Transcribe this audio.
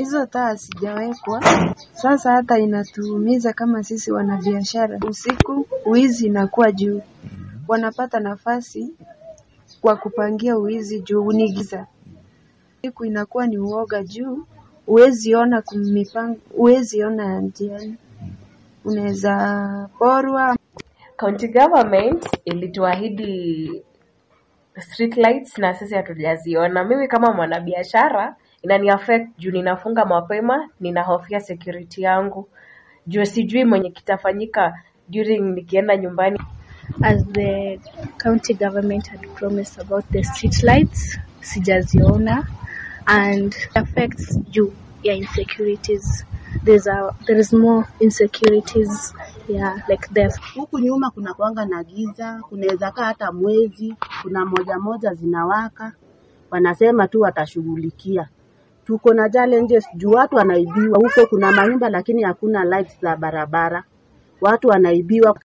Hizo taa hazijawekwa sasa hata inatuumiza kama sisi wanabiashara usiku wizi inakuwa juu wanapata nafasi kwa kupangia uizi juu ni giza siku inakuwa ni uoga juu huwezi ona kumipango huwezi ona njiani unaweza porwa county government ilituahidi street lights na sisi hatujaziona mimi kama mwanabiashara inani affect juu ninafunga mapema ninahofia security yangu juu sijui mwenye kitafanyika during nikienda nyumbani as the county government had promised about the street lights sijaziona and affects juu ya insecurities there's a, there is more insecurities yeah, like death. Huku nyuma kuna kwanga na giza, kunaweza kaa hata mwezi, kuna moja moja zinawaka, wanasema tu watashughulikia tuko na challenges juu watu wanaibiwa huko. Kuna manyumba lakini hakuna lights za barabara, watu wanaibiwa.